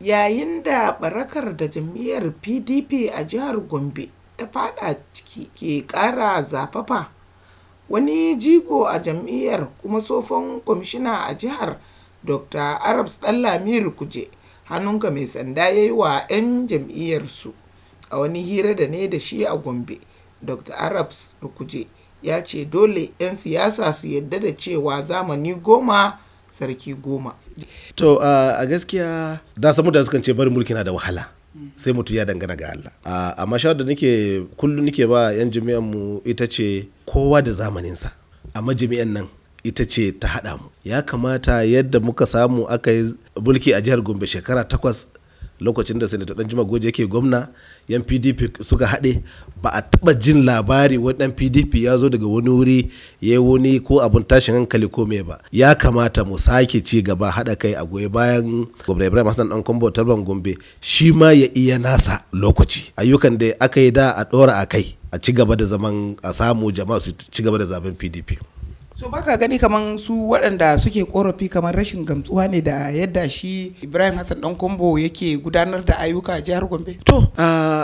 Yayin da barakar da jam'iyyar PDP a jihar Gombe ta faɗa ciki ke ƙara zafafa, wani jigo a jam'iyyar kuma tsofon kwamishina a jihar, Dr. Arabs Ɗanlami Rukuje, hannunka mai sanda ya yi wa 'yan jam'iyyarsu. A wani hira da ne da shi a Gombe, Dr. Arabs Rukuje ya ce dole 'yan siyasa su yadda da cewa zamani goma sarki goma. To uh, a gaskiya da samu da sukan ce bari mulki na da wahala. sai mutum ya dangana ga Allah uh, amma shawar da nake kullum nake ba yan jami'an mu ita ce kowa da zamaninsa amma jami'an nan ita ce ta haɗa mu ya kamata yadda muka samu aka yi mulki a jihar gombe shekara takwas lokacin da dan jima goje yake gwamna yan pdp suka haɗe ba a taɓa jin labari wani dan pdp ya zo daga wani wuri ya yi wani ko abun tashin hankali ko me ba ya kamata mu sake ci gaba haɗa kai a goyi bayan gwamna ibrahim hassan dan kwambo tarban gombe shi ma ya iya nasa lokaci ayyukan da aka yi da a ɗora a kai a ci gaba da zaman a samu jama'a su ci gaba da zaben pdp so baka gani kamar su waɗanda suke korafi kamar rashin gamsuwa ne da yadda shi ibrahim hassan dan kombo yake gudanar da ayyuka a jihar gombe to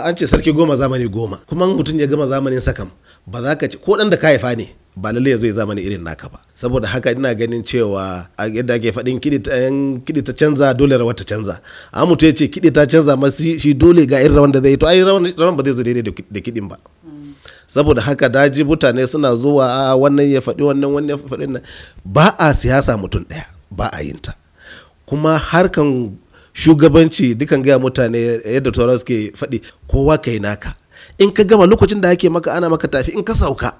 an ce sarki goma zamani goma kuma mutum ya gama zamanin sakam ba za ka ce ko ɗan da ka haifa ne ba lalle ya zo ya zamani irin naka ba saboda haka ina ganin cewa a yadda ake faɗin kiɗi ta canza dole rawar ta canza a mutum ya ce kiɗi ta canza masu shi dole ga irin rawan da zai yi to ai rawan ba zai zo daidai da kiɗin ba saboda haka daji mutane suna zuwa a wannan ya faɗi wannan wannan ya faɗi wannan. ba a siyasa mutum ɗaya ba a yin ta kuma harkan shugabanci dukan gaya mutane yadda turawa suke faɗi kowa kai naka in ka gama lokacin da ake maka ana maka tafi in ka sauka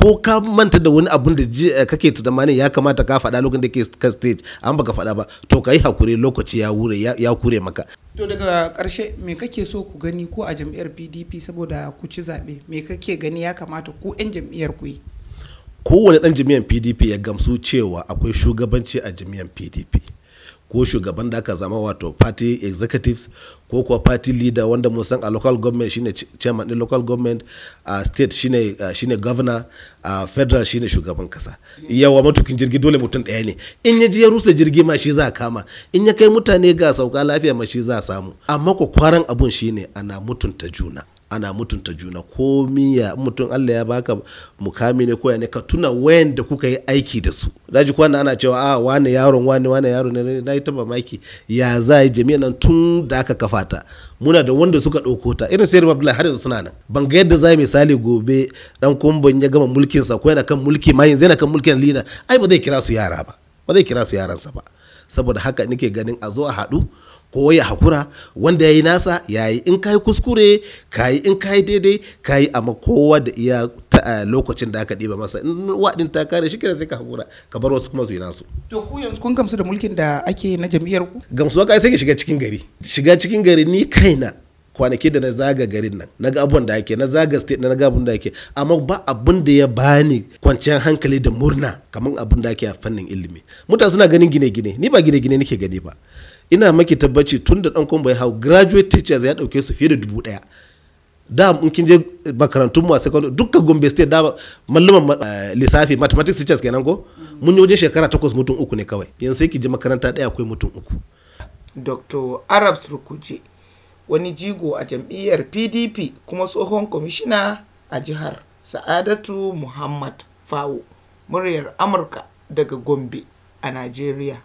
ko ka manta da wani abun da eh, kake tunanin ya kamata ka faɗa lokacin da ke kan stage an baka faɗa ba to ka yi hakuri lokaci ya wure ya kure maka to daga karshe me kake so ku gani ko a jam'iyyar PDP saboda ku ci zaɓe me kake gani ya kamata ku 'yan jam'iyyar ku yi kowane ɗan jami'an pdp ya gamsu cewa akwai shugabanci a jami'an pdp ko shugaban da aka zama wato party executives ko kuwa party leader wanda mun san a local government shine chairman din local government a state shine shine governor a federal shine shugaban kasa yawa matukin jirgi dole mutum ɗaya ne in ya ji ya rusa jirgi ma shi za a kama in ya kai mutane ga sauka lafiya ma shi za a samu amma kwakwaran abun shine ana mutunta juna ana mutunta juna ko miya mutum Allah ya baka mukami ne ya ne ka tuna wayanda kuka yi aiki da su daji kwana ana cewa a ah, wani yaron wani wani yaron ne na yi taba maki ya za yi jami'a nan tun da aka kafa ta muna da wanda suka ɗauko ta irin sayar babla har yanzu suna nan ban ga yadda za misali gobe dan kumban ya gama mulkin sa ko yana kan mulki ma yanzu yana kan mulkin lida ai ba zai kira su yara ba ba zai kira su yaransa ba saboda haka nake ganin a zo a haɗu ko ya hakura wanda ya yi nasa ya yi in ka yi kuskure ka yi in ka yi daidai ka yi amma kowa da iya eh, lokacin da aka ɗiba masa in waɗin ta kare shi kira sai ka hakura ka bar wasu kuma su yi nasu. to ku yanzu kun gamsu da mulkin da ake na jam'iyyar ku. gamsuwa ka sai ka shiga cikin gari shiga cikin gari ni kaina kwanaki da na zaga garin nan na ga abun da ake na zaga state na ga abun da ake amma ba abun da ya bani kwanciyar hankali da murna kamar abun da ake a fannin ilimi mutane suna ganin gine-gine ni ba gine-gine nake gani ba ina maki tabbaci tun da dan kuma hau graduate teachers ya dauke su fiye da dubu daya da in kin je makarantun mu a secondary dukka Gombe state da malluman eh, lissafi mathematics teachers kenan ko mun yi wajen shekara takwas mutum uku ne kawai yanzu sai ki je makaranta daya akwai mutum uku Dr. Arabs rukuji wani jigo a jam'iyyar pdp kuma tsohon kwamishina a jihar sa'adatu muhammad fawo muryar amurka daga gombe a najeriya